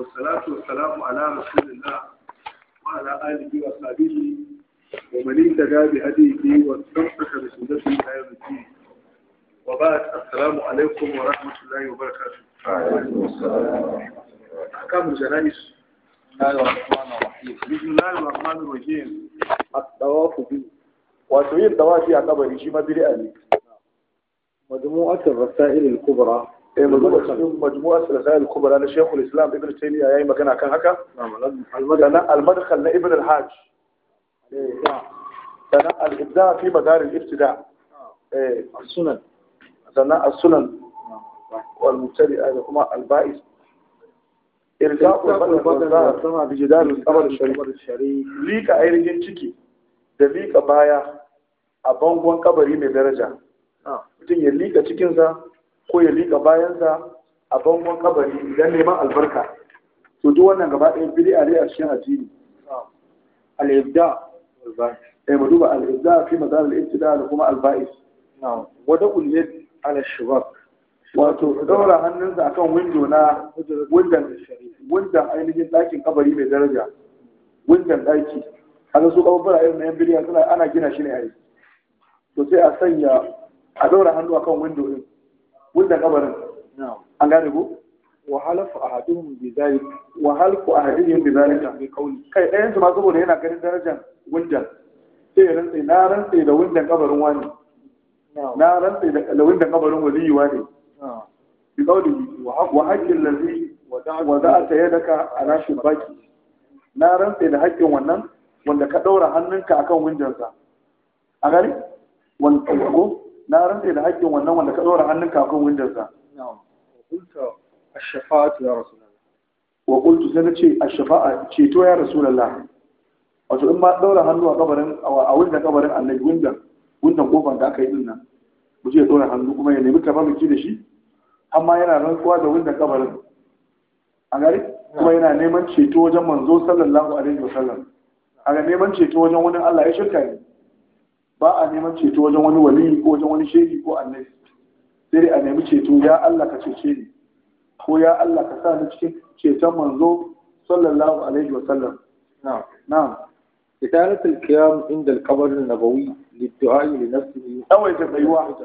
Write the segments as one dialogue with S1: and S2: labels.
S1: والصلاة والسلام على رسول الله وعلى آله وصحبه ومن اهتدى بهديه واستمسك بسنته إلى يوم الدين وبعد السلام عليكم ورحمة الله وبركاته. وعليكم السلام. أحكام الجنائز بسم الله الرحمن الرحيم الطواف به الرحمن الرحيم. tawafi a kabari shi ma bid'a ne eh mu zuba cikin majmu'a salasayil kubra na shekul islam ibn taymiya yayi magana kan haka sannan al-madkhal na ibn al-hajj eh, eh, sannan al-ibda fi madar al-ibtida eh as-sunan sannan as-sunan wal mubtadi'a da kuma al-ba'is irja'u al-badr sama bi jidar al-qabr al-sharif lika ainihin ciki da lika baya a bangon kabari mai daraja mutum ya lika cikinsa ko ya liƙa bayansa a bangon kabari idan neman albarka to duk wannan gaba ɗaya bid'a a riyar shi hajji ibda eh mu duba al fi mazal al da kuma alba'is. Wata wada ulyad ala wato daura hannunsa akan windo na windan windan ainihin ɗakin kabari mai daraja windan ɗaki kaga su kaburbura irin na yan bid'a suna ana gina shi ne a yi to sai a sanya a daura hannu akan windo din wanda kabarin an gane ko wa halafu ahaduhum bi zalik wa halku ahaduhum bi zalika bi qawli kai ɗayan su ma saboda yana ganin darajar wundan sai ya rantsa na rantsa da wundan kabarin wani na rantsa da wundan kabarin yi wani bi qawli wa haqqil ladhi wada'ata yadaka ala shibaki na rantsa da haƙƙin wannan wanda ka ɗaura hannunka akan wundansa a gani wani ko na rantsa da hakkin wannan wanda ka ɗora hannun kafin windonsa wa qultu sai na ce ash-shafa'a ceto ya rasulullah wato in ma ɗora hannu a kabarin a windon kabarin annabi windon windon kofar da aka yi din nan mu je ɗora hannu kuma ya nemi tabarruki da shi amma yana rantsuwa da windon kabarin a gari kuma yana neman ceto wajen manzo sallallahu alaihi wasallam a ga neman ceto wajen wani Allah ya shirka ne ba a neman ceto wajen wani wali ko wajen wani shehi ko annabi sai a nemi ceto ya Allah ka cece ni ko ya Allah ka sa ni cikin ceton manzo sallallahu alaihi wa sallam na'am na'am إدارة القيام عند القبر النبوي للدعاء لنفسه Ta يتبيوا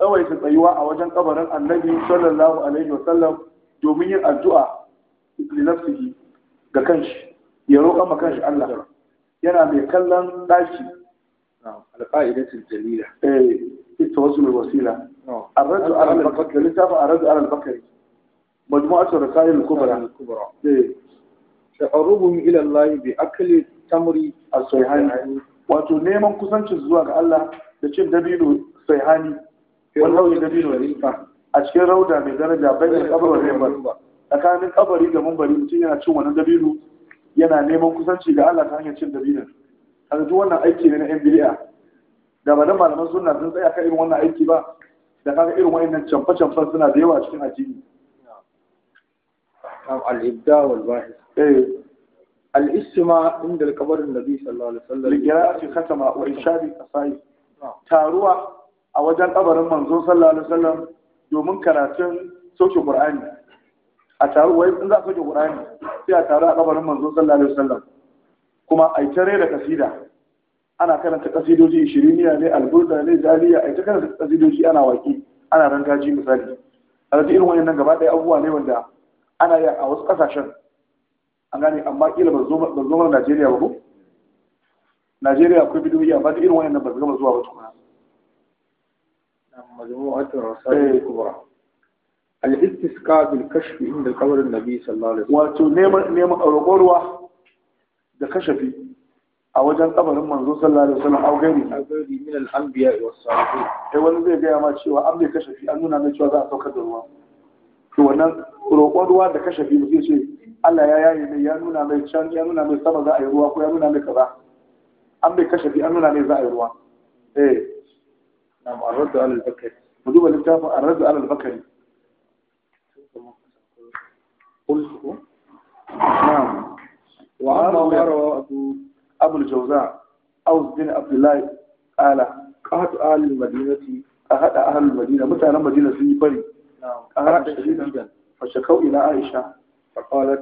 S1: أو يتبيوا أو جن قبر النبي صلى الله عليه وسلم دومين الدعاء لنفسه ga kanshi ya roƙa ma kanshi Allah yana mai kallon ɗaki القاعدة الجليلة إيه في توازن الوسيلة الرد على البكر لتابع الرد على البكر مجموعة الرسائل الكبرى الكبرى تقربهم إلى الله بأكل التمر الصيحاني wato neman kusancin zuwa ga Allah da cin dabino sai hani wani dabino rifa a cikin rauda mai daraja bai kabar remba tsakanin kabari da mumbari mutum yana cin wani dabino yana neman kusanci ga Allah ta hanyar cin dabino an ji wannan aiki ne na NBA da ba malaman sunna sun tsaya kan irin wannan aiki ba da kaga irin wannan canfa canfa suna da yawa cikin addini kam al-ibda wal bahis eh al-istima inda al-qabr an-nabi sallallahu alaihi wasallam liqira'ati khatama wa irshadi qasai taruwa a wajen kabarin manzo sallallahu alaihi wasallam domin karatun soke qur'ani a taruwa in za ka soke qur'ani sai a taru a kabarin manzo sallallahu alaihi wasallam kuma a yi tare da kasida ana karanta kasidoji shirimiya ne alburda ne jaliya a yi ta karanta kasidoji ana waki, ana rangaji misali alhaji irin wannan gaba ɗaya abubuwa ne wanda ana yi a wasu ƙasashen an gane amma kila ba zo mana najeriya ba ko najeriya akwai bidiyoyi amma da irin wannan ba su zuwa ba tukuna مجموعة الرسائل الكبرى الاستسقاء بالكشف عند قبر النبي صلى الله عليه وسلم وتنيم نيم أوروبا da kashafi a wajen kabarin manzo sallallahu alaihi wasallam au gari agari min al anbiya wa salihin eh wani zai gaya ma cewa an bai kashafi an nuna mai cewa za a saukar da ruwa to wannan roƙon ruwa da kashafi mutum ce Allah ya yaye mai ya nuna mai can ya nuna mai sama za a yi ruwa ko ya nuna mai kaza an bai kashafi an nuna mai za a yi ruwa eh na'am arraddu al bakari mu duba littafin arraddu al bakari قلت نعم وأما يروى أبو الجوزاء أوس بن عبد الله قال قهت أهل المدينة قهت أهل المدينة متى أنا مدينة سيبري قهت شديدا فشكوا إلى عائشة فقالت